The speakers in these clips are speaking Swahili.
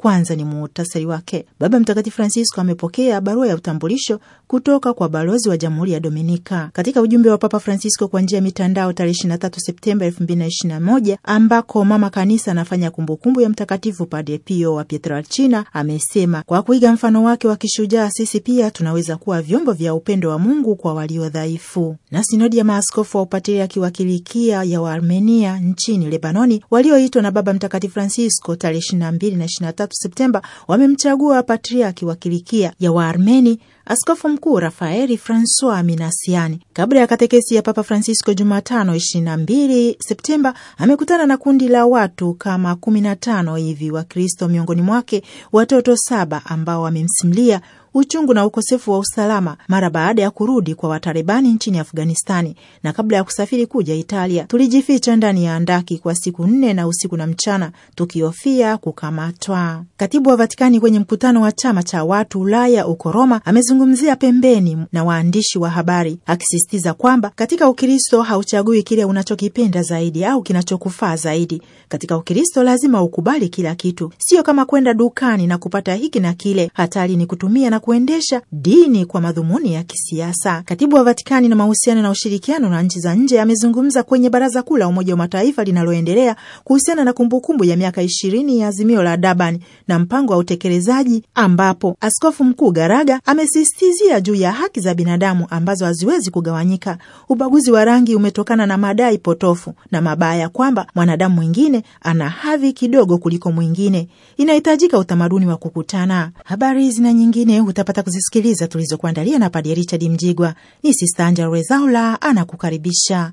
kwanza ni muhtasari wake. Baba Mtakatifu Francisco amepokea barua ya utambulisho kutoka kwa balozi wa Jamhuri ya Dominika. Katika ujumbe wa Papa Francisco kwa njia ya mitandao tarehe 23 Septemba 2021 ambako Mama Kanisa anafanya kumbukumbu ya Mtakatifu Padre Pio wa Pietrelcina, amesema kwa kuiga mfano wake wa kishujaa, sisi pia tunaweza kuwa vyombo vya upendo wa Mungu kwa walio dhaifu. Na sinodi ya maaskofu wa upatriaki wa Kilikia ya Waarmenia nchini Lebanoni walioitwa na Baba Mtakatifu Francisco tarehe 22 na 23 Septemba wamemchagua patriaki wa Kilikia ya Waarmeni Askofu Mkuu Rafaeli Francois Minasiani, kabla ya katekesi ya Papa Francisco Jumatano 22 Septemba, amekutana na kundi la watu kama 15 hivi Wakristo, miongoni mwake watoto saba ambao wamemsimulia uchungu na ukosefu wa usalama mara baada ya kurudi kwa Watalibani nchini Afghanistani na kabla ya kusafiri kuja Italia. Tulijificha ndani ya andaki kwa siku nne na usiku na mchana tukihofia kukamatwa. Katibu wa Vatikani kwenye mkutano wa chama cha watu Ulaya huko Roma amezungu akizungumzia pembeni na waandishi wa habari, akisisitiza kwamba katika Ukristo hauchagui kile unachokipenda zaidi au kinachokufaa zaidi. Katika Ukristo lazima ukubali kila kitu, sio kama kwenda dukani na kupata hiki na kile. Hatari ni kutumia na kuendesha dini kwa madhumuni ya kisiasa. Katibu wa Vatikani na mahusiano na ushirikiano na nchi za nje amezungumza kwenye Baraza Kuu la Umoja wa Mataifa linaloendelea kuhusiana na kumbukumbu ya miaka ishirini ya azimio la Durban na mpango wa utekelezaji, ambapo askofu mkuu Garaga amesisitiza Alisisitizia juu ya haki za binadamu ambazo haziwezi kugawanyika. Ubaguzi wa rangi umetokana na madai potofu na mabaya kwamba mwanadamu mwingine ana hadhi kidogo kuliko mwingine. Inahitajika utamaduni wa kukutana. Habari hizi na nyingine utapata kuzisikiliza tulizokuandalia na Padre Richard Mjigwa. Ni Sista Angela Rezaula anakukaribisha.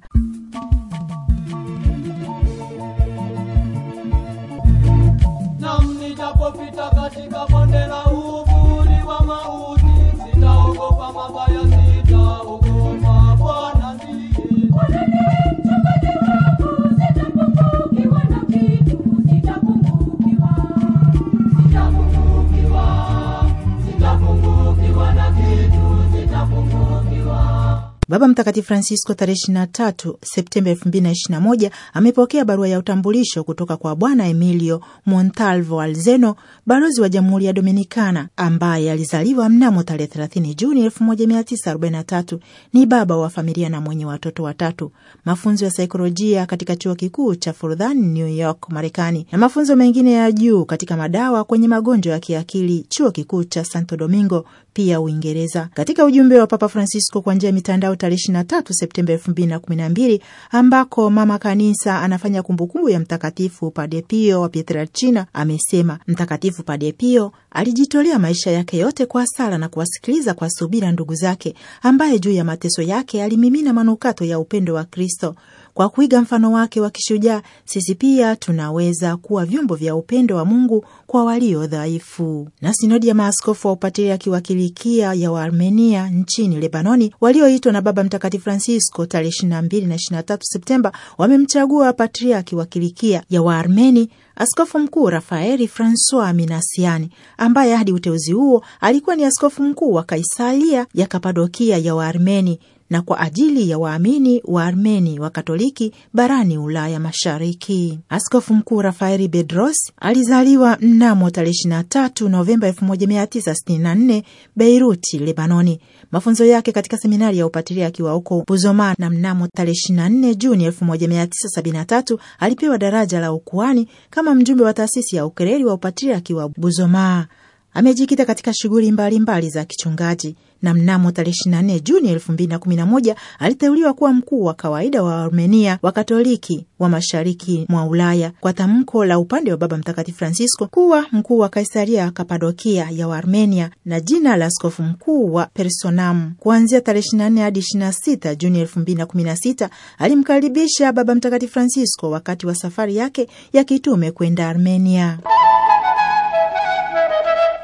Nam nijapopita katika bonde la Baba Mtakatifu Francisco tarehe 23 Septemba 2021 amepokea barua ya utambulisho kutoka kwa Bwana Emilio Montalvo Alzeno, balozi wa Jamhuri ya Dominikana ambaye alizaliwa mnamo tarehe 30 Juni 1943. Ni baba wa familia na mwenye watoto watatu, mafunzo ya saikolojia katika chuo kikuu cha Fordham, New York, Marekani, na mafunzo mengine ya juu katika madawa kwenye magonjwa ya kiakili, chuo kikuu cha Santo Domingo, pia Uingereza. Katika ujumbe wa Papa Francisco kwa njia ya mitandao tarehe 23 Septemba 2012 ambako mama kanisa anafanya kumbukumbu ya Mtakatifu Padre Pio wa Pietrelcina, amesema Mtakatifu Padre Pio alijitolea maisha yake yote kwa sala na kuwasikiliza kwa subira ndugu zake, ambaye juu ya mateso yake alimimina manukato ya upendo wa Kristo. Kwa kuiga mfano wake wa kishujaa, sisi pia tunaweza kuwa vyombo vya upendo wa Mungu kwa walio dhaifu. Na sinodi ya maaskofu wa upatriaki wa Kilikia ya Waarmenia nchini Lebanoni, walioitwa na Baba Mtakatifu Francisco tarehe 22 na 23 Septemba, wamemchagua patriaki wa Kilikia ya Waarmeni Askofu Mkuu Rafaeli Francois Minasiani, ambaye hadi uteuzi huo alikuwa ni askofu mkuu wa Kaisaria ya Kapadokia ya Waarmeni na kwa ajili ya waamini wa Armeni wa Katoliki barani Ulaya Mashariki. Askofu Mkuu Rafaeli Bedros alizaliwa mnamo tarehe 23 Novemba 1964 Beiruti, Lebanoni. Mafunzo yake katika seminari ya upatilia akiwa huko Buzoma, na mnamo tarehe 24 Juni 1973 alipewa daraja la ukuani kama mjumbe wa taasisi ya ukereri wa upatilia akiwa Buzoma amejikita katika shughuli mbalimbali za kichungaji na mnamo tarehe 24 Juni 2011 aliteuliwa kuwa mkuu wa kawaida wa Armenia wa Katoliki wa mashariki mwa Ulaya kwa tamko la upande wa Baba Mtakatifu Francisco kuwa mkuu wa Kaisaria Kapadokia ya Waarmenia na jina la askofu mkuu wa Personamu. Kuanzia tarehe 24 hadi 26 Juni 2016 alimkaribisha Baba Mtakatifu Francisco wakati wa safari yake ya kitume kwenda Armenia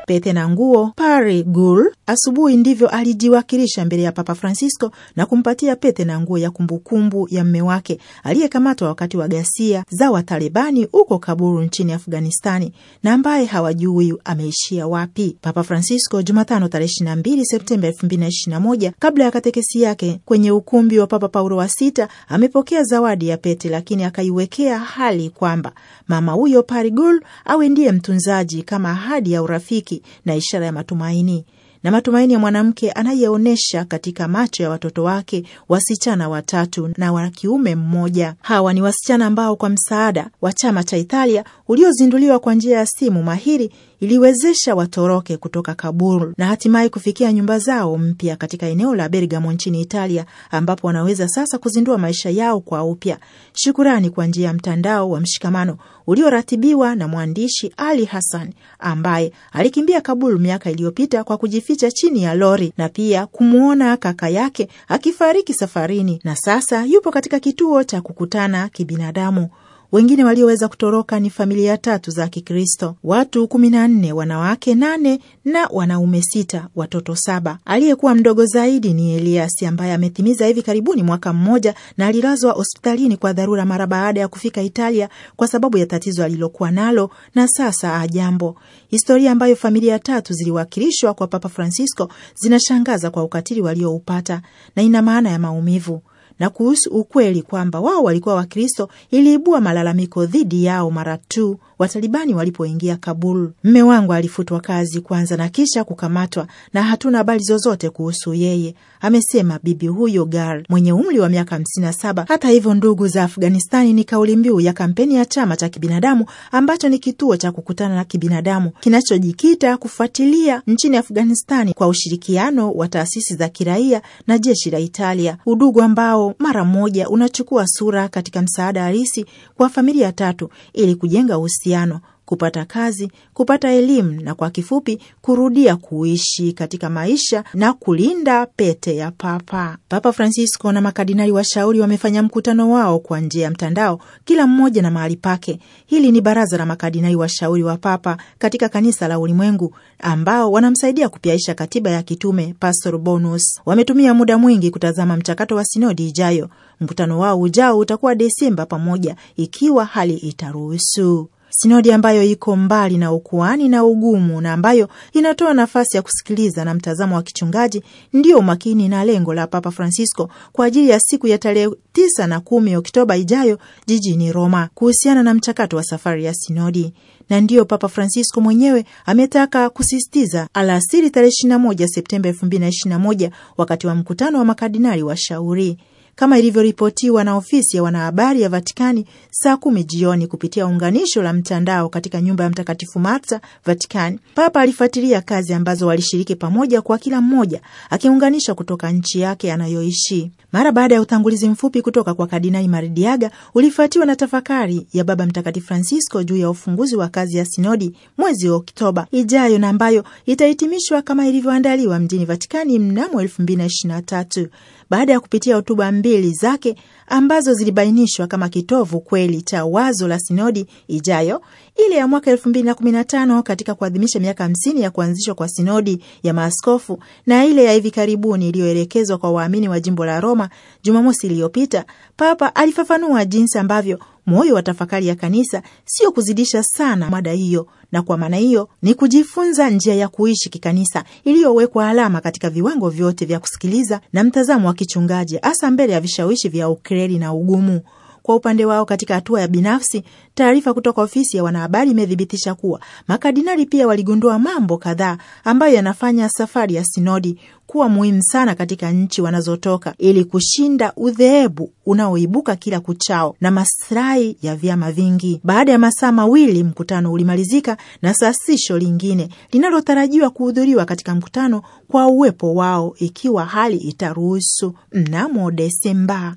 pete na nguo Pari Gul asubuhi ndivyo alijiwakilisha mbele ya Papa Francisco na kumpatia pete na nguo ya kumbukumbu ya mme wake aliyekamatwa wakati wa ghasia za Watalibani huko kaburu nchini Afghanistani na ambaye hawajui ameishia wapi. Papa Francisco Jumatano tarehe 22 Septemba 2021 kabla ya katekesi yake kwenye ukumbi wa Papa Paulo wa Sita amepokea zawadi ya pete, lakini akaiwekea hali kwamba mama huyo Pari Gul awe ndiye mtunzaji kama ahadi ya urafiki haki na ishara ya matumaini na matumaini ya mwanamke anayeonyesha katika macho ya watoto wake wasichana watatu na wa kiume mmoja. Hawa ni wasichana ambao kwa msaada wa chama cha Italia uliozinduliwa kwa njia ya simu mahiri iliwezesha watoroke kutoka Kabul na hatimaye kufikia nyumba zao mpya katika eneo la Bergamo nchini Italia, ambapo wanaweza sasa kuzindua maisha yao kwa upya, shukurani kwa njia ya mtandao wa mshikamano ulioratibiwa na mwandishi Ali Hassan ambaye alikimbia Kabul miaka iliyopita kwa kujificha chini ya lori na pia kumwona kaka yake akifariki safarini, na sasa yupo katika kituo cha kukutana kibinadamu. Wengine walioweza kutoroka ni familia tatu za Kikristo, watu kumi na nne, wanawake nane na wanaume sita, watoto saba. Aliyekuwa mdogo zaidi ni Eliasi ambaye ametimiza hivi karibuni mwaka mmoja na alilazwa hospitalini kwa dharura mara baada ya kufika Italia kwa sababu ya tatizo alilokuwa nalo na sasa ajambo. Historia ambayo familia tatu ziliwakilishwa kwa Papa Francisco zinashangaza kwa ukatili walioupata na ina maana ya maumivu na kuhusu ukweli kwamba wao walikuwa Wakristo iliibua malalamiko dhidi yao mara tu Watalibani walipoingia Kabul. Mme wangu alifutwa kazi kwanza na kisha kukamatwa, na hatuna habari zozote kuhusu yeye, amesema bibi huyo Gar mwenye umri wa miaka 57. Hata hivyo, ndugu za Afghanistani ni kauli mbiu ya kampeni ya chama cha kibinadamu ambacho ni kituo cha kukutana na kibinadamu kinachojikita kufuatilia nchini Afghanistani kwa ushirikiano wa taasisi za kiraia na jeshi la Italia, udugu ambao ambao mara moja unachukua sura katika msaada halisi kwa familia tatu ili kujenga uhusiano kupata kazi, kupata elimu na kwa kifupi kurudia kuishi katika maisha na kulinda pete ya papa. Papa Francisco na makardinali washauri wamefanya mkutano wao kwa njia ya mtandao, kila mmoja na mahali pake. Hili ni baraza la makardinali washauri wa papa katika kanisa la ulimwengu ambao wanamsaidia kupyaisha katiba ya kitume Pastor Bonus. Wametumia muda mwingi kutazama mchakato wa sinodi ijayo. Mkutano wao ujao utakuwa Desemba pamoja, ikiwa hali itaruhusu sinodi ambayo iko mbali na ukuani na ugumu na ambayo inatoa nafasi ya kusikiliza na mtazamo wa kichungaji ndiyo umakini na lengo la Papa Francisco kwa ajili ya siku ya tarehe tisa na kumi Oktoba ijayo jijini Roma kuhusiana na mchakato wa safari ya sinodi na ndiyo Papa Francisco mwenyewe ametaka kusisitiza alasiri tarehe 21 Septemba 2021 wakati wa mkutano wa makardinali wa shauri kama ilivyoripotiwa na ofisi ya wanahabari ya Vatikani saa kumi jioni kupitia unganisho la mtandao katika nyumba ya Mtakatifu Marta, Vatikani. Papa alifuatilia kazi ambazo walishiriki pamoja, kwa kila mmoja akiunganisha kutoka nchi yake anayoishi. Mara baada ya utangulizi mfupi kutoka kwa Kardinali Maridiaga ulifuatiwa na tafakari ya Baba Mtakatifu Francisco juu ya ufunguzi wa kazi ya sinodi mwezi wa Oktoba ijayo na ambayo itahitimishwa kama ilivyoandaliwa mjini Vatikani mnamo 2023. Baada ya kupitia hotuba mbili zake ambazo zilibainishwa kama kitovu kweli cha wazo la sinodi ijayo ile ya mwaka 2015 katika kuadhimisha miaka 50 ya kuanzishwa kwa sinodi ya maaskofu na ile ya hivi karibuni iliyoelekezwa kwa waamini wa jimbo la Roma Jumamosi iliyopita, Papa alifafanua jinsi ambavyo Moyo wa tafakari ya kanisa sio kuzidisha sana mada hiyo, na kwa maana hiyo ni kujifunza njia ya kuishi kikanisa iliyowekwa alama katika viwango vyote vya kusikiliza na mtazamo wa kichungaji, hasa mbele ya vishawishi vya ukreli na ugumu. Kwa upande wao, katika hatua ya binafsi, taarifa kutoka ofisi ya wanahabari imethibitisha kuwa makardinali pia waligundua mambo kadhaa ambayo yanafanya safari ya sinodi kuwa muhimu sana katika nchi wanazotoka ili kushinda udhehebu unaoibuka kila kuchao na maslahi ya vyama vingi. Baada ya masaa mawili, mkutano ulimalizika na sasisho lingine linalotarajiwa kuhudhuriwa katika mkutano kwa uwepo wao ikiwa hali itaruhusu mnamo Desemba.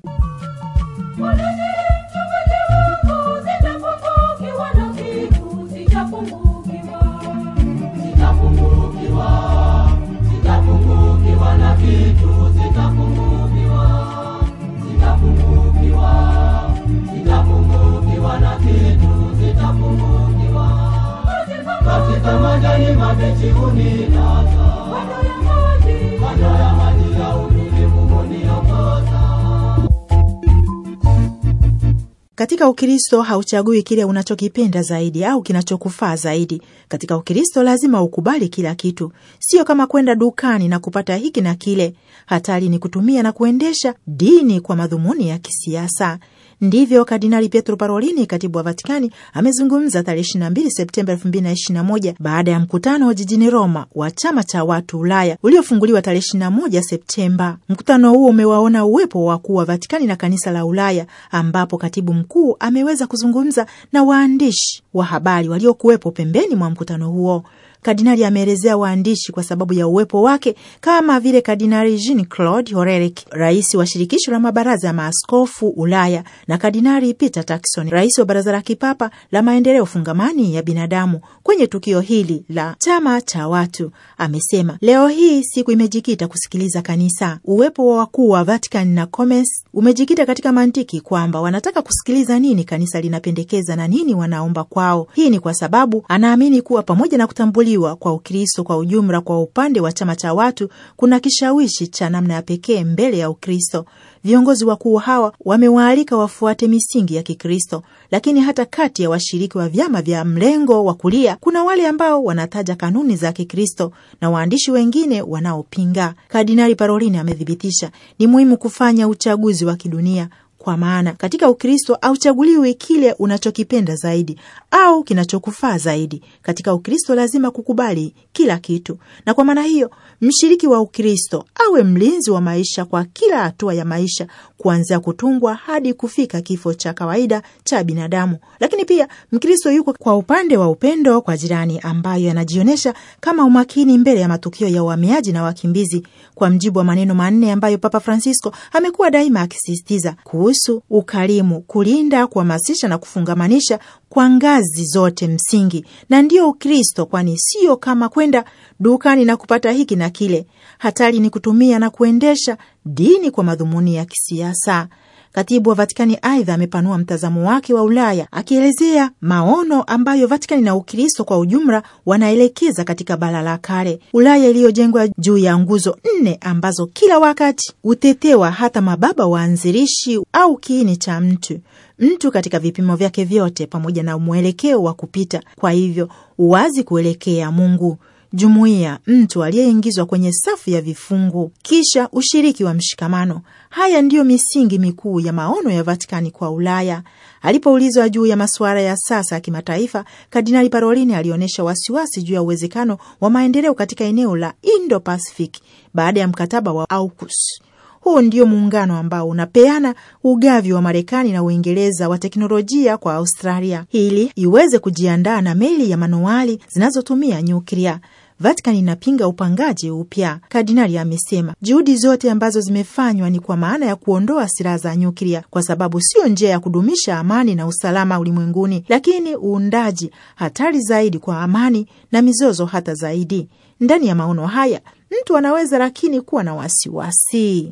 Katika Ukristo hauchagui kile unachokipenda zaidi au kinachokufaa zaidi. Katika Ukristo lazima ukubali kila kitu, sio kama kwenda dukani na kupata hiki na kile. Hatari ni kutumia na kuendesha dini kwa madhumuni ya kisiasa. Ndivyo Kardinali Pietro Parolini, katibu wa Vatikani, amezungumza tarehe 22 Septemba 2021 baada ya mkutano jijini Roma wa chama cha watu Ulaya uliofunguliwa tarehe 21 Septemba. Mkutano huo umewaona uwepo wa wakuu wa Vatikani na kanisa la Ulaya, ambapo katibu mkuu ameweza kuzungumza na waandishi wa habari waliokuwepo pembeni mwa mkutano huo kardinali ameelezea waandishi kwa sababu ya uwepo wake, kama vile Kardinali Jean Claude horerik rais wa shirikisho la mabaraza ya maaskofu Ulaya, na Kardinali Peter takson rais wa baraza la kipapa la maendeleo fungamani ya binadamu, kwenye tukio hili la chama cha watu. Amesema leo hii siku imejikita kusikiliza kanisa. Uwepo wa wakuu wa Vatican na Comes umejikita katika mantiki kwamba wanataka kusikiliza nini kanisa linapendekeza na nini wanaomba kwao. Hii ni kwa sababu anaamini kuwa pamoja na kutambua kutambuliwa kwa Ukristo kwa ujumla kwa upande wa chama cha watu kuna kishawishi cha namna ya pekee mbele ya Ukristo. Viongozi wakuu hawa wamewaalika wafuate misingi ya Kikristo, lakini hata kati ya washiriki wa vyama vya mlengo wa kulia kuna wale ambao wanataja kanuni za Kikristo na waandishi wengine wanaopinga. Kardinali paroline amethibitisha ni muhimu kufanya uchaguzi wa kidunia kwa maana katika Ukristo auchaguliwi kile unachokipenda zaidi au kinachokufaa zaidi. Katika Ukristo lazima kukubali kila kitu, na kwa maana hiyo mshiriki wa Ukristo awe mlinzi wa maisha kwa kila hatua ya maisha, kuanzia kutungwa hadi kufika kifo cha kawaida cha binadamu. Lakini pia Mkristo yuko kwa upande wa upendo kwa jirani, ambayo yanajionyesha kama umakini mbele ya matukio ya uhamiaji na wakimbizi, kwa mjibu wa maneno manne ambayo Papa Francisco amekuwa daima akisisitiza kuhusu: ukarimu, kulinda, kuhamasisha na kufungamanisha kwa ngazi zote msingi, na ndiyo Ukristo, kwani sio kama kwenda dukani na kupata hiki na kile. Hatari ni kutumia na kuendesha dini kwa madhumuni ya kisiasa. Katibu wa Vatikani aidha amepanua mtazamo wake wa Ulaya akielezea maono ambayo Vatikani na Ukristo kwa ujumla wanaelekeza katika bara la kale, Ulaya iliyojengwa juu ya nguzo nne ambazo kila wakati hutetewa hata mababa waanzilishi au kiini cha mtu: mtu katika vipimo vyake vyote pamoja na mwelekeo wa kupita, kwa hivyo uwazi kuelekea Mungu. Jumuiya, mtu aliyeingizwa kwenye safu ya vifungu, kisha ushiriki wa mshikamano. Haya ndiyo misingi mikuu ya maono ya Vatikani kwa Ulaya. Alipoulizwa juu ya masuala ya sasa ya kimataifa, Kardinali Parolini alionyesha wasiwasi juu ya uwezekano wa maendeleo katika eneo la Indo-Pacific baada ya mkataba wa AUKUS huu ndio muungano ambao unapeana ugavi wa Marekani na Uingereza wa teknolojia kwa Australia ili iweze kujiandaa na meli ya manuali zinazotumia nyuklia. Vatican inapinga upangaji upya, kardinali amesema. Juhudi zote ambazo zimefanywa ni kwa maana ya kuondoa silaha za nyuklia, kwa sababu sio njia ya kudumisha amani na usalama ulimwenguni, lakini uundaji hatari zaidi kwa amani na mizozo hata zaidi. Ndani ya maono haya mtu anaweza lakini kuwa na wasiwasi wasi.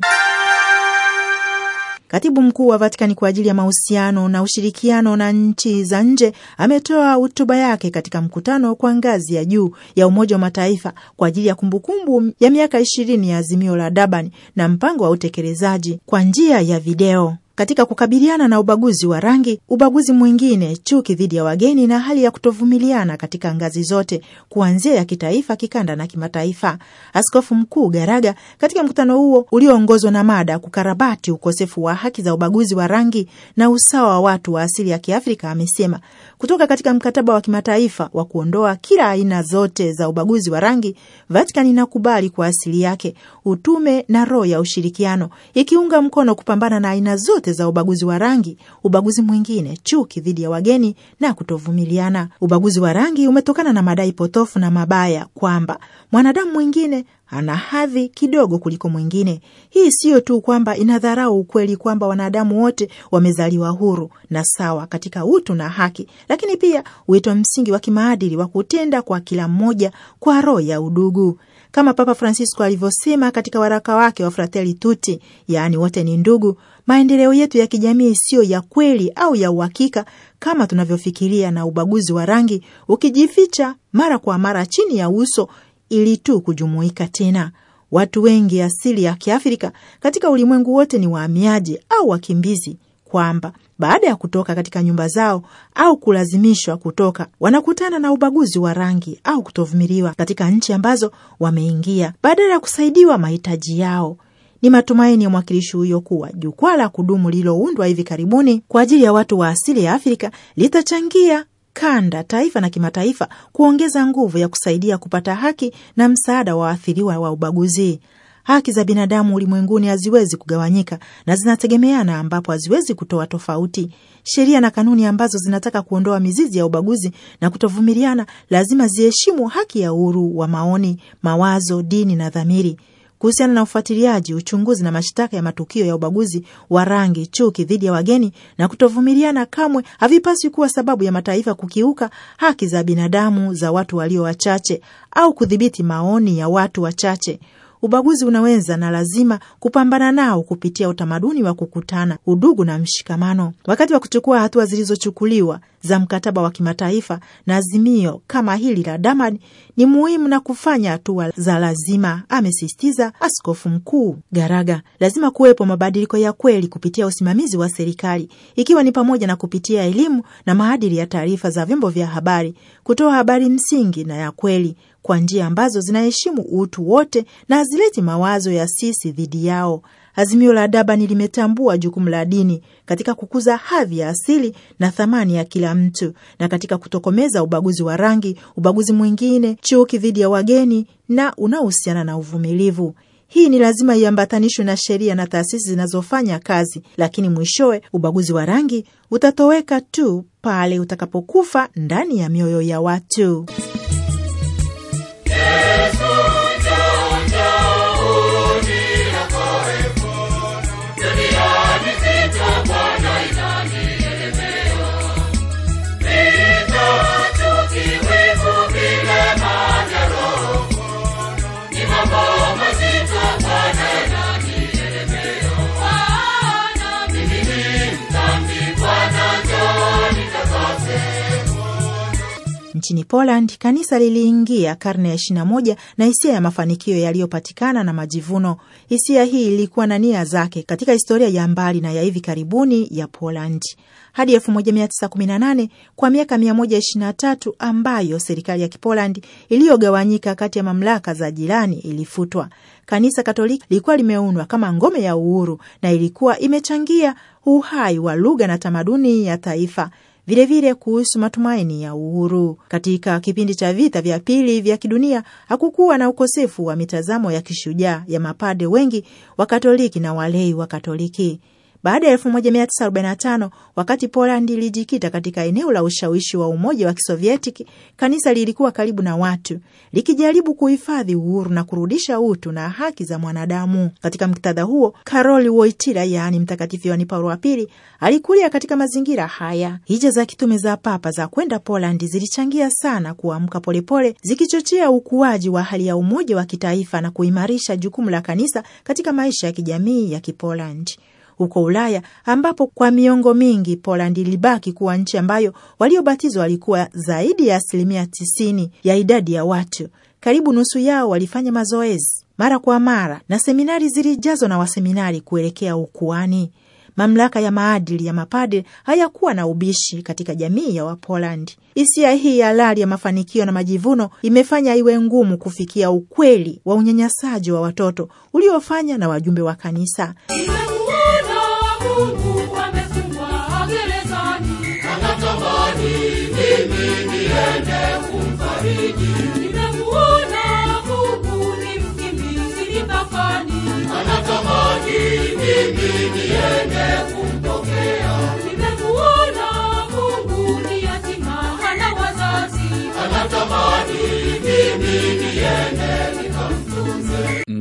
Katibu mkuu wa Vatikani kwa ajili ya mahusiano na ushirikiano na nchi za nje ametoa hotuba yake katika mkutano kwa ngazi ya juu ya Umoja wa Mataifa kwa ajili ya kumbukumbu ya miaka ishirini ya azimio la Durban na mpango wa utekelezaji kwa njia ya video katika kukabiliana na ubaguzi wa rangi, ubaguzi mwingine, chuki dhidi ya wageni na hali ya kutovumiliana katika ngazi zote, kuanzia ya kitaifa, kikanda na kimataifa. Askofu Mkuu Garaga katika mkutano huo ulioongozwa na mada kukarabati ukosefu wa haki za ubaguzi wa rangi na usawa wa watu wa asili ya Kiafrika amesema kutoka katika mkataba wa kimataifa wa kuondoa kila aina zote za ubaguzi wa rangi, Vatikani inakubali kwa asili yake utume na roho ya ushirikiano, ikiunga mkono kupambana na aina zote za ubaguzi wa rangi, ubaguzi mwingine, chuki dhidi ya wageni na kutovumiliana. Ubaguzi wa rangi umetokana na madai potofu na mabaya kwamba mwanadamu mwingine ana hadhi kidogo kuliko mwingine. Hii siyo tu kwamba inadharau ukweli kwamba wanadamu wote wamezaliwa huru na sawa katika utu na haki, lakini pia wito msingi wa kimaadili wa kutenda kwa kila mmoja kwa roho ya udugu kama Papa Francisco alivyosema katika waraka wake wa Fratelli Tutti, yaani wote ni ndugu. Maendeleo yetu ya kijamii siyo ya kweli au ya uhakika kama tunavyofikiria, na ubaguzi wa rangi ukijificha mara kwa mara chini ya uso ili tu kujumuika tena. Watu wengi asili ya Kiafrika katika ulimwengu wote ni wahamiaji au wakimbizi, kwamba baada ya kutoka katika nyumba zao au kulazimishwa kutoka, wanakutana na ubaguzi wa rangi au kutovumiliwa katika nchi ambazo wameingia, badala ya kusaidiwa mahitaji yao. Ni matumaini ya mwakilishi huyo kuwa jukwaa la kudumu lililoundwa hivi karibuni kwa ajili ya watu wa asili ya Afrika litachangia kanda, taifa na kimataifa kuongeza nguvu ya kusaidia kupata haki na msaada wa waathiriwa wa ubaguzi. Haki za binadamu ulimwenguni haziwezi kugawanyika na zinategemeana, ambapo haziwezi kutoa tofauti. Sheria na kanuni ambazo zinataka kuondoa mizizi ya ubaguzi na kutovumiliana lazima ziheshimu haki ya uhuru wa maoni, mawazo, dini na dhamiri. Kuhusiana na ufuatiliaji, uchunguzi na mashtaka ya matukio ya ubaguzi wa rangi, chuki dhidi ya wageni na kutovumiliana, kamwe havipaswi kuwa sababu ya mataifa kukiuka haki za binadamu za watu walio wachache au kudhibiti maoni ya watu wachache. Ubaguzi unaweza na lazima kupambana nao kupitia utamaduni wa kukutana, udugu na mshikamano. Wakati wa kuchukua hatua zilizochukuliwa za mkataba wa kimataifa na azimio kama hili la Daman ni muhimu na kufanya hatua za lazima, amesisitiza Askofu Mkuu Garaga. Lazima kuwepo mabadiliko ya kweli kupitia usimamizi wa serikali, ikiwa ni pamoja na kupitia elimu na maadili ya taarifa za vyombo vya habari, kutoa habari msingi na ya kweli kwa njia ambazo zinaheshimu utu wote na hazileti mawazo ya sisi dhidi yao. Azimio la dabani limetambua jukumu la dini katika kukuza hadhi ya asili na thamani ya kila mtu na katika kutokomeza ubaguzi wa rangi, ubaguzi mwingine, chuki dhidi ya wageni na unaohusiana na uvumilivu. Hii ni lazima iambatanishwe na sheria na taasisi zinazofanya kazi, lakini mwishowe ubaguzi wa rangi utatoweka tu pale utakapokufa ndani ya mioyo ya watu. Yes. nchini Poland, kanisa liliingia karne ya 21 na hisia ya mafanikio yaliyopatikana na majivuno. Hisia hii ilikuwa na nia zake katika historia ya mbali na ya hivi karibuni ya Poland hadi 1918 kwa miaka 123 ambayo serikali ya Kipolandi iliyogawanyika kati ya mamlaka za jirani ilifutwa. Kanisa Katoliki lilikuwa limeundwa kama ngome ya uhuru na ilikuwa imechangia uhai wa lugha na tamaduni ya taifa vilevile kuhusu matumaini ya uhuru. Katika kipindi cha vita vya pili vya kidunia hakukuwa na ukosefu wa mitazamo ya kishujaa ya mapade wengi wa Katoliki na walei wa Katoliki. Baada ya 1945 wakati Polandi ilijikita katika eneo la ushawishi wa Umoja wa Kisovietiki, kanisa lilikuwa karibu na watu likijaribu kuhifadhi uhuru na kurudisha utu na haki za mwanadamu. Katika muktadha huo, Karol Wojtyla, yaani Mtakatifu Yohane Paulo wa Pili, alikulia katika mazingira haya. Hija za kitume za papa za kwenda Polandi zilichangia sana kuamka polepole, zikichochea ukuaji wa hali ya umoja wa kitaifa na kuimarisha jukumu la kanisa katika maisha ya kijamii ya Kipolandi huko Ulaya, ambapo kwa miongo mingi Poland ilibaki kuwa nchi ambayo waliobatizwa walikuwa zaidi ya asilimia tisini ya idadi ya watu. Karibu nusu yao walifanya mazoezi mara kwa mara na seminari zilijazwa na waseminari kuelekea ukuani. Mamlaka ya maadili ya mapadri hayakuwa na ubishi katika jamii ya Wapolandi. Hisia hii halali ya mafanikio na majivuno imefanya iwe ngumu kufikia ukweli wa unyanyasaji wa watoto uliofanya na wajumbe wa kanisa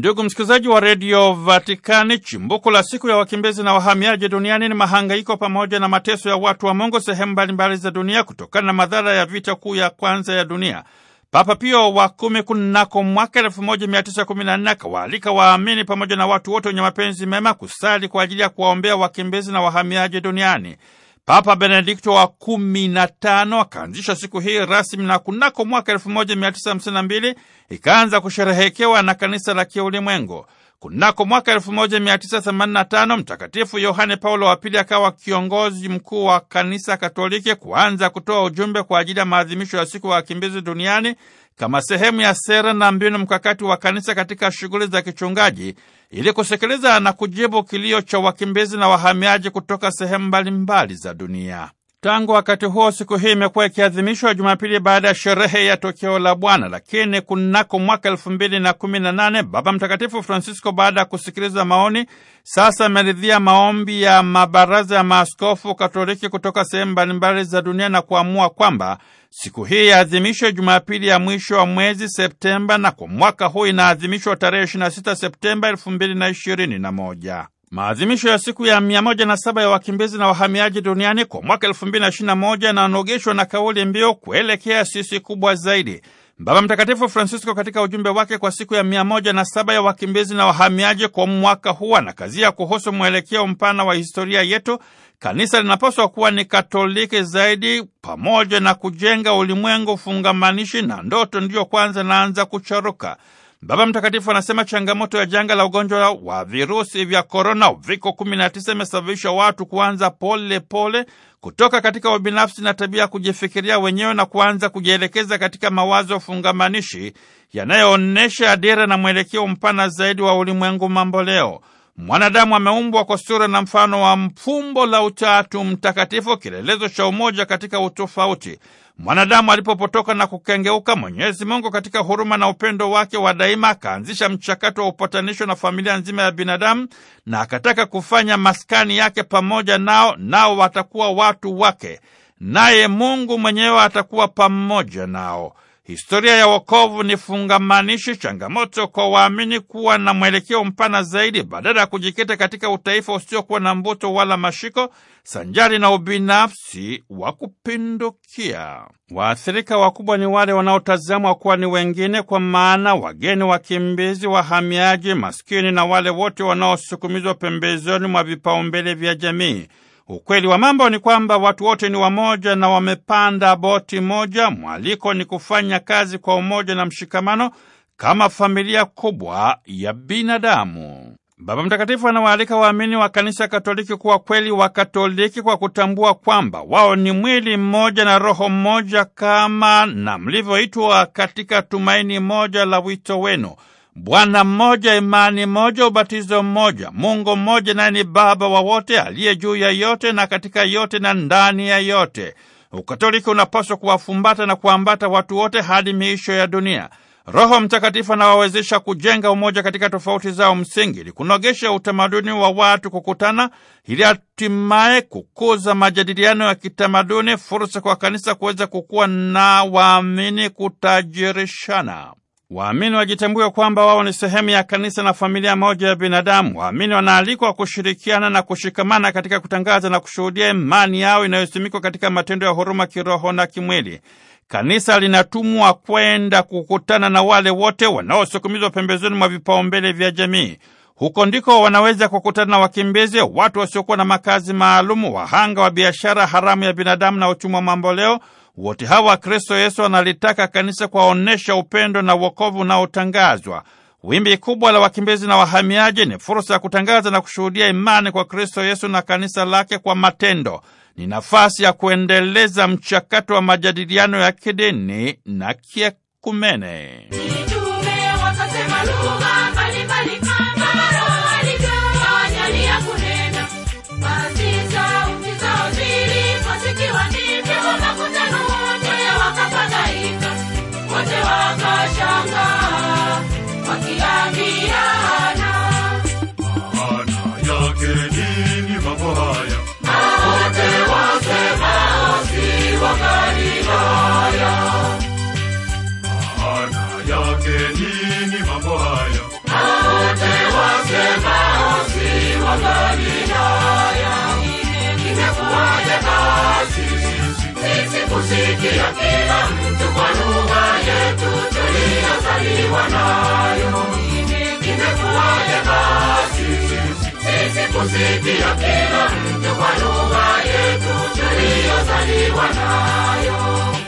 Ndugu msikilizaji wa redio Vatikani, chimbuko la siku ya wakimbizi na wahamiaji duniani ni mahangaiko pamoja na mateso ya watu wa Mungu sehemu mbalimbali za dunia kutokana na madhara ya vita kuu ya kwanza ya dunia. Papa Pio wa kumi kunako mwaka 1914 akawaalika waamini pamoja na watu wote wenye mapenzi mema kusali kwa ajili ya kuwaombea wakimbizi na wahamiaji duniani. Papa Benedikto wa kumi na tano akaanzisha siku hii rasmi na kunako mwaka 1952 ikaanza kusherehekewa na kanisa la kiulimwengu. Kunako mwaka 1985 Mtakatifu Yohane Paulo wa Pili akawa kiongozi mkuu wa kanisa Katoliki, kuanza kutoa ujumbe kwa ajili ya maadhimisho ya siku ya wakimbizi duniani kama sehemu ya sera na mbinu mkakati wa kanisa katika shughuli za kichungaji ili kusikiliza na kujibu kilio cha wakimbizi na wahamiaji kutoka sehemu mbalimbali za dunia. Tangu wakati huo siku hii imekuwa ikiadhimishwa Jumapili baada ya sherehe ya tokeo la Bwana, lakini kunako mwaka elfu mbili na kumi na nane Baba Mtakatifu Francisco, baada ya kusikiliza maoni, sasa ameridhia maombi ya mabaraza ya maaskofu Katoliki kutoka sehemu mbalimbali za dunia na kuamua kwamba siku hii yaadhimishwe Jumapili ya mwisho wa mwezi Septemba, na kwa mwaka huu inaadhimishwa tarehe 26 Septemba elfu mbili na ishirini na moja. Maadhimisho ya siku ya 107 ya wakimbizi na wahamiaji duniani kwa mwaka 2021 yananogeshwa na kauli mbiu kuelekea sisi kubwa zaidi. Baba Mtakatifu Francisco katika ujumbe wake kwa siku ya 107 ya wakimbizi na wahamiaji kwa mwaka huu anakazia kuhusu mwelekeo mpana wa historia yetu. Kanisa linapaswa kuwa ni Katoliki zaidi, pamoja na kujenga ulimwengu fungamanishi, na ndoto ndiyo kwanza naanza kucharuka. Baba Mtakatifu anasema changamoto ya janga la ugonjwa wa virusi vya korona uviko 19 imesababisha watu kuanza pole pole kutoka katika ubinafsi na tabia ya kujifikiria wenyewe na kuanza kujielekeza katika mawazo fungamanishi yanayoonyesha dira na mwelekeo mpana zaidi wa ulimwengu mambo leo. Mwanadamu ameumbwa kwa sura na mfano wa mfumbo la Utatu Mtakatifu, kielelezo cha umoja katika utofauti. Mwanadamu alipopotoka na kukengeuka, Mwenyezi Mungu katika huruma na upendo wake wa daima akaanzisha mchakato wa upatanisho na familia nzima ya binadamu na akataka kufanya maskani yake pamoja nao, nao watakuwa watu wake, naye Mungu mwenyewe atakuwa pamoja nao. Historia ya wokovu ni fungamanishi, changamoto kwa waamini kuwa na mwelekeo mpana zaidi, badala ya kujikita katika utaifa usiokuwa na mbuto wala mashiko, sanjari na ubinafsi wa kupindukia. Waathirika wakubwa ni wale wanaotazamwa kuwa ni wengine, kwa maana wageni, wakimbizi, wahamiaji, maskini na wale wote wanaosukumizwa pembezoni mwa vipaumbele vya jamii. Ukweli wa mambo ni kwamba watu wote ni wamoja na wamepanda boti moja. Mwaliko ni kufanya kazi kwa umoja na mshikamano kama familia kubwa ya binadamu. Baba Mtakatifu anawaalika waamini wa Kanisa Katoliki kuwa kweli Wakatoliki kwa kutambua kwamba wao ni mwili mmoja na roho mmoja, kama na mlivyoitwa katika tumaini moja la wito wenu. Bwana mmoja, imani moja, ubatizo mmoja, Mungu mmoja, naye ni Baba wa wote, aliye juu ya yote na katika yote na ndani ya yote. Ukatoliki unapaswa kuwafumbata na kuambata watu wote hadi miisho ya dunia. Roho Mtakatifu anawawezesha kujenga umoja katika tofauti zao msingi, ili kunogesha utamaduni wa watu kukutana, ili hatimaye kukuza majadiliano ya kitamaduni, fursa kwa kanisa kuweza kukua na waamini kutajirishana. Waamini wajitambue kwamba wao ni sehemu ya kanisa na familia moja ya binadamu. Waamini wanaalikwa kushirikiana na kushikamana katika kutangaza na kushuhudia imani yao inayosimikwa katika matendo ya huruma kiroho na kimwili. Kanisa linatumwa kwenda kukutana na wale wote wanaosukumizwa pembezoni mwa vipaumbele vya jamii. Huko ndiko wanaweza kukutana na wakimbizi, watu wasiokuwa na makazi maalumu, wahanga wa biashara haramu ya binadamu na uchumi wa mamboleo, wote hawa Kristo Yesu analitaka kanisa kuwaonyesha upendo na wokovu unaotangazwa. Wimbi kubwa la wakimbizi na wahamiaji ni fursa ya kutangaza na kushuhudia imani kwa Kristo Yesu na kanisa lake kwa matendo. Ni nafasi ya kuendeleza mchakato wa majadiliano ya kidini na kiekumene. Tanzania yangu imekuwaje basi sisi kusikia kila mtu kwa lugha yetu tuliyozaliwa nayo? Imekuwaje basi sisi kusikia kila mtu kwa lugha yetu tuliyozaliwa nayo?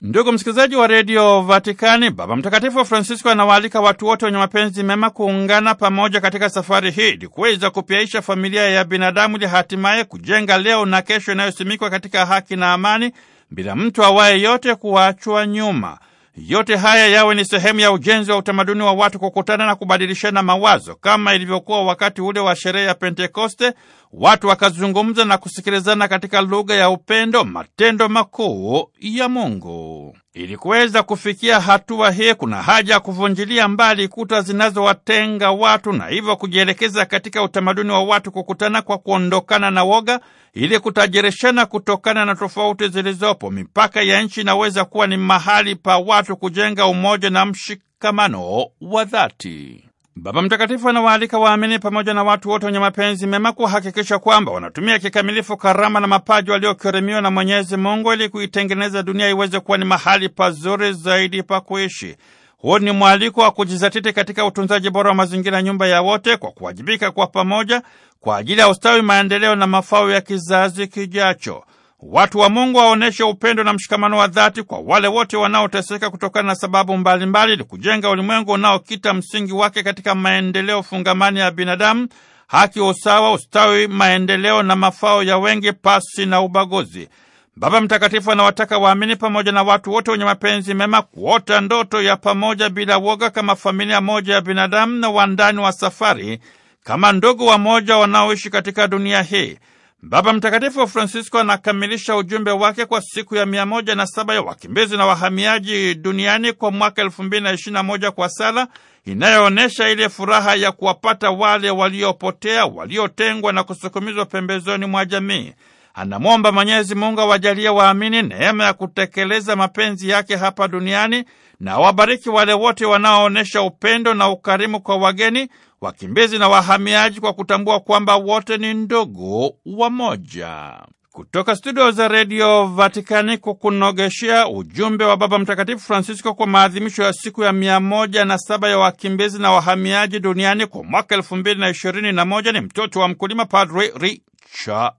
Ndugu msikilizaji wa redio Vatikani, Baba Mtakatifu Francisco anawaalika watu wote wenye mapenzi mema kuungana pamoja katika safari hii ili kuweza kupiaisha familia ya binadamu ili hatimaye kujenga leo na kesho inayosimikwa katika haki na amani, bila mtu awaye yote kuachwa nyuma. Yote haya yawe ni sehemu ya ujenzi wa utamaduni wa watu kukutana na kubadilishana mawazo kama ilivyokuwa wakati ule wa sherehe ya Pentekoste watu wakazungumza na kusikilizana katika lugha ya upendo, matendo makuu ya Mungu. Ili kuweza kufikia hatua hii, kuna haja ya kuvunjilia mbali kuta zinazowatenga watu na hivyo kujielekeza katika utamaduni wa watu kukutana kwa kuondokana na woga, ili kutajirishana kutokana na tofauti zilizopo. Mipaka ya nchi inaweza kuwa ni mahali pa watu kujenga umoja na mshikamano wa dhati. Baba Mtakatifu anawaalika waamini pamoja na watu wote wenye mapenzi mema kuhakikisha kwamba wanatumia kikamilifu karama na mapaji waliokirimiwa na Mwenyezi Mungu ili kuitengeneza dunia iweze kuwa ni mahali pazuri zaidi pa kuishi. Huu ni mwaliko wa kujizatiti katika utunzaji bora wa mazingira, nyumba ya wote, kwa kuwajibika kwa pamoja kwa ajili ya ustawi, maendeleo na mafao ya kizazi kijacho. Watu wa Mungu waonyeshe upendo na mshikamano wa dhati kwa wale wote wanaoteseka kutokana na sababu mbalimbali, ili kujenga ulimwengu unaokita msingi wake katika maendeleo fungamani ya binadamu, haki, usawa, ustawi, maendeleo na mafao ya wengi pasi na ubaguzi. Baba Mtakatifu anawataka waamini pamoja na watu wote wenye mapenzi mema kuota ndoto ya pamoja bila woga, kama familia moja ya binadamu na wandani wa safari, kama ndugu wamoja wanaoishi katika dunia hii. Baba Mtakatifu Francisco anakamilisha ujumbe wake kwa siku ya mia moja na saba ya wakimbizi na wahamiaji duniani kwa mwaka elfu mbili na ishirini na moja kwa sala inayoonyesha ile furaha ya kuwapata wale waliopotea, waliotengwa na kusukumizwa pembezoni mwa jamii. Anamwomba Mwenyezi Mungu awajalie waamini neema ya kutekeleza mapenzi yake hapa duniani na wabariki wale wote wanaoonyesha upendo na ukarimu kwa wageni wakimbizi na wahamiaji kwa kutambua kwamba wote ni ndugu wamoja. Kutoka studio za redio Vatikani kukunogeshea ujumbe wa Baba Mtakatifu Francisco kwa maadhimisho ya siku ya mia moja na saba ya wakimbizi na wahamiaji duniani kwa mwaka elfu mbili na ishirini na moja ni mtoto wa mkulima Padre Richard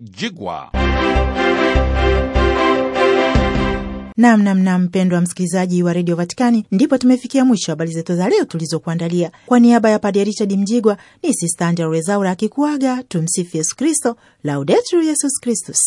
Mjigwa. Nam nam nam, mpendwa msikilizaji wa redio Vatikani, ndipo tumefikia mwisho habari zetu za leo tulizokuandalia. Kwa, kwa niaba ya Padre Richard Mjigwa ni Sista Angela Rezaura akikuaga. Tumsifu Yesu Kristo, Laudetur Yesus Kristus.